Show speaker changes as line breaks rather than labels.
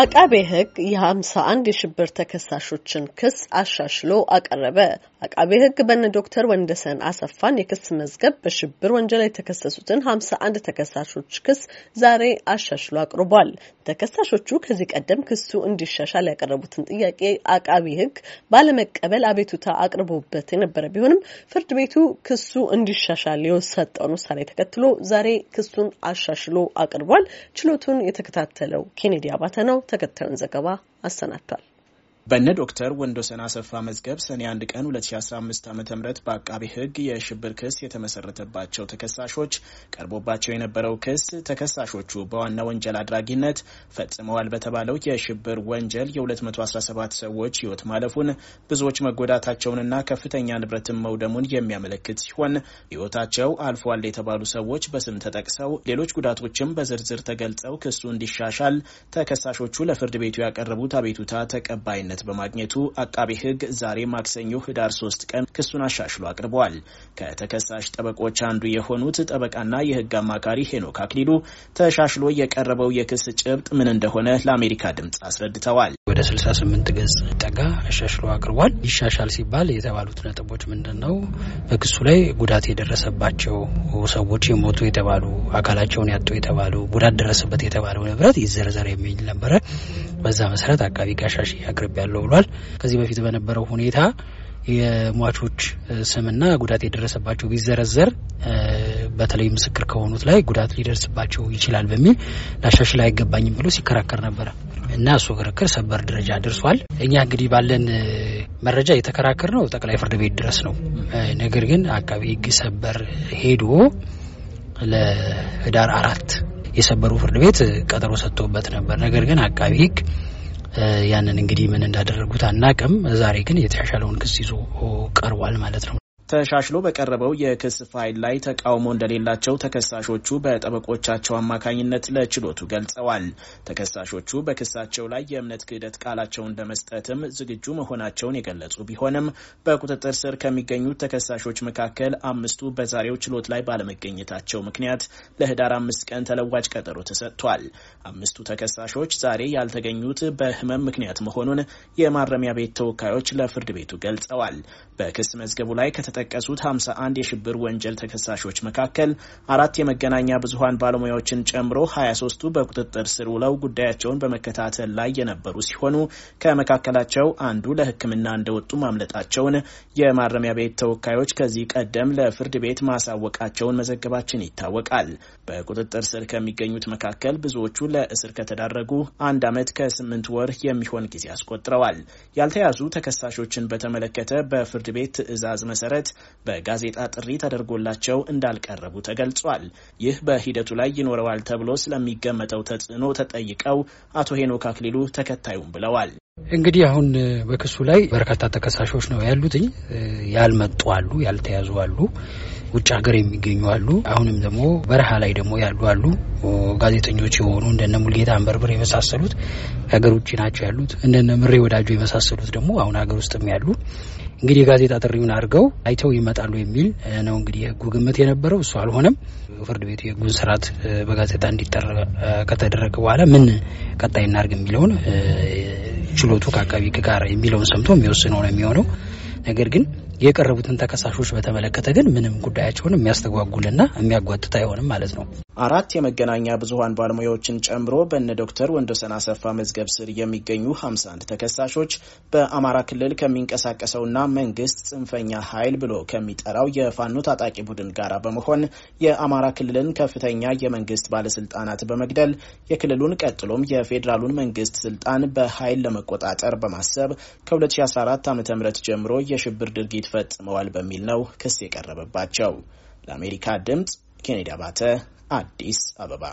አቃቤ ሕግ የ51 የሽብር ተከሳሾችን ክስ አሻሽሎ አቀረበ። አቃቤ ሕግ በነ ዶክተር ወንደሰን አሰፋን የክስ መዝገብ በሽብር ወንጀል የተከሰሱትን 51 ተከሳሾች ክስ ዛሬ አሻሽሎ አቅርቧል። ተከሳሾቹ ከዚህ ቀደም ክሱ እንዲሻሻል ያቀረቡትን ጥያቄ አቃቢ ሕግ ባለመቀበል አቤቱታ አቅርቦበት የነበረ ቢሆንም ፍርድ ቤቱ ክሱ እንዲሻሻል የሰጠውን ውሳኔ ተከትሎ ዛሬ ክሱን አሻሽሎ አቅርቧል። ችሎቱን የተከታተለው ኬኔዲ አባተ ነው። ተከታዩን ዘገባ አሰናድቷል።
በነ ዶክተር ወንዶሰን አሰፋ መዝገብ ሰኔ 1 ቀን 2015 ዓ ም በአቃቢ ህግ የሽብር ክስ የተመሰረተባቸው ተከሳሾች ቀርቦባቸው የነበረው ክስ ተከሳሾቹ በዋና ወንጀል አድራጊነት ፈጽመዋል በተባለው የሽብር ወንጀል የ217 ሰዎች ህይወት ማለፉን ብዙዎች መጎዳታቸውንና ከፍተኛ ንብረትን መውደሙን የሚያመለክት ሲሆን ህይወታቸው አልፏል የተባሉ ሰዎች በስም ተጠቅሰው ሌሎች ጉዳቶችም በዝርዝር ተገልጸው ክሱ እንዲሻሻል ተከሳሾቹ ለፍርድ ቤቱ ያቀረቡት አቤቱታ ተቀባይነት ተቀባይነት በማግኘቱ አቃቤ ሕግ ዛሬ ማክሰኞ ህዳር ሶስት ቀን ክሱን አሻሽሎ አቅርበዋል። ከተከሳሽ ጠበቆች አንዱ የሆኑት ጠበቃና የህግ አማካሪ ሄኖክ አክሊሉ ተሻሽሎ የቀረበው የክስ ጭብጥ ምን እንደሆነ ለአሜሪካ
ድምፅ አስረድተዋል። ወደ 68 ገጽ ጠጋ አሻሽሎ አቅርቧል። ይሻሻል ሲባል የተባሉት ነጥቦች ምንድን ነው? በክሱ ላይ ጉዳት የደረሰባቸው ሰዎች የሞቱ የተባሉ፣ አካላቸውን ያጡ የተባሉ፣ ጉዳት ደረሰበት የተባለው ንብረት ይዘረዘር የሚል ነበረ። በዛ መሰረት አቃቢ ጋሻሽ ያቅርብ ያለው ብሏል። ከዚህ በፊት በነበረው ሁኔታ የሟቾች ስምና ጉዳት የደረሰባቸው ቢዘረዘር በተለይ ምስክር ከሆኑት ላይ ጉዳት ሊደርስባቸው ይችላል በሚል ላሻሽል አይገባኝም ብሎ ሲከራከር ነበረ። እና እሱ ክርክር ሰበር ደረጃ ደርሷል። እኛ እንግዲህ ባለን መረጃ የተከራከር ነው ጠቅላይ ፍርድ ቤት ድረስ ነው። ነገር ግን አቃቢ ህግ ሰበር ሄዶ ለህዳር አራት የሰበሩ ፍርድ ቤት ቀጠሮ ሰጥቶበት ነበር። ነገር ግን አቃቢ ህግ ያንን እንግዲህ ምን እንዳደረጉት አናቅም። ዛሬ ግን የተሻሻለውን ክስ ይዞ ቀርቧል ማለት ነው።
ተሻሽሎ በቀረበው የክስ ፋይል ላይ ተቃውሞ እንደሌላቸው ተከሳሾቹ በጠበቆቻቸው አማካኝነት ለችሎቱ ገልጸዋል። ተከሳሾቹ በክሳቸው ላይ የእምነት ክህደት ቃላቸውን ለመስጠትም ዝግጁ መሆናቸውን የገለጹ ቢሆንም በቁጥጥር ስር ከሚገኙት ተከሳሾች መካከል አምስቱ በዛሬው ችሎት ላይ ባለመገኘታቸው ምክንያት ለህዳር አምስት ቀን ተለዋጭ ቀጠሮ ተሰጥቷል። አምስቱ ተከሳሾች ዛሬ ያልተገኙት በህመም ምክንያት መሆኑን የማረሚያ ቤት ተወካዮች ለፍርድ ቤቱ ገልጸዋል። በክስ መዝገቡ ላይ ከተጠቀሱት 51 የሽብር ወንጀል ተከሳሾች መካከል አራት የመገናኛ ብዙሀን ባለሙያዎችን ጨምሮ 23ቱ በቁጥጥር ስር ውለው ጉዳያቸውን በመከታተል ላይ የነበሩ ሲሆኑ ከመካከላቸው አንዱ ለሕክምና እንደወጡ ማምለጣቸውን የማረሚያ ቤት ተወካዮች ከዚህ ቀደም ለፍርድ ቤት ማሳወቃቸውን መዘገባችን ይታወቃል። በቁጥጥር ስር ከሚገኙት መካከል ብዙዎቹ ለእስር ከተዳረጉ አንድ ዓመት ከስምንት ወር የሚሆን ጊዜ አስቆጥረዋል። ያልተያዙ ተከሳሾችን በተመለከተ በፍርድ ቤት ትዕዛዝ መሰረት በማለት በጋዜጣ ጥሪ ተደርጎላቸው እንዳልቀረቡ ተገልጿል። ይህ በሂደቱ ላይ ይኖረዋል ተብሎ ስለሚገመተው ተጽዕኖ ተጠይቀው አቶ ሄኖክ አክሊሉ ተከታዩም ብለዋል።
እንግዲህ አሁን በክሱ ላይ በርካታ ተከሳሾች ነው ያሉትኝ። ያልመጡ አሉ፣ ያልተያዙ አሉ፣ ውጭ ሀገር የሚገኙ አሉ። አሁንም ደግሞ በረሃ ላይ ደግሞ ያሉ አሉ። ጋዜጠኞች የሆኑ እንደነ ሙልጌታ አንበርብር የመሳሰሉት ከሀገር ውጭ ናቸው ያሉት። እንደነ ምሬ ወዳጆ የመሳሰሉት ደግሞ አሁን ሀገር ውስጥም ያሉ እንግዲህ የጋዜጣ ጥሪውን አድርገው አይተው ይመጣሉ የሚል ነው እንግዲህ የህጉ ግምት የነበረው። እሱ አልሆነም። ፍርድ ቤቱ የህጉን ስርዓት በጋዜጣ እንዲጠራ ከተደረገ በኋላ ምን ቀጣይ እናርግ የሚለውን ችሎቱ ከአቃቢ ህግ ጋር የሚለውን ሰምቶ የሚወስነው ነው የሚሆነው ነገር ግን የቀረቡትን ተከሳሾች በተመለከተ ግን ምንም ጉዳያቸውን የሚያስተጓጉልና የሚያጓትት አይሆንም ማለት ነው።
አራት የመገናኛ ብዙሀን ባለሙያዎችን ጨምሮ በእነ ዶክተር ወንዶሰን አሰፋ መዝገብ ስር የሚገኙ 51 ተከሳሾች በአማራ ክልል ከሚንቀሳቀሰውና መንግስት ጽንፈኛ ኃይል ብሎ ከሚጠራው የፋኖ ታጣቂ ቡድን ጋር በመሆን የአማራ ክልልን ከፍተኛ የመንግስት ባለስልጣናት በመግደል የክልሉን ቀጥሎም የፌዴራሉን መንግስት ስልጣን በኃይል ለመቆጣጠር በማሰብ ከ2014 ዓ ም ጀምሮ የሽብር ድርጊት ድርጊት ፈጽመዋል በሚል ነው ክስ የቀረበባቸው። ለአሜሪካ ድምጽ ኬኔዲ አባተ አዲስ አበባ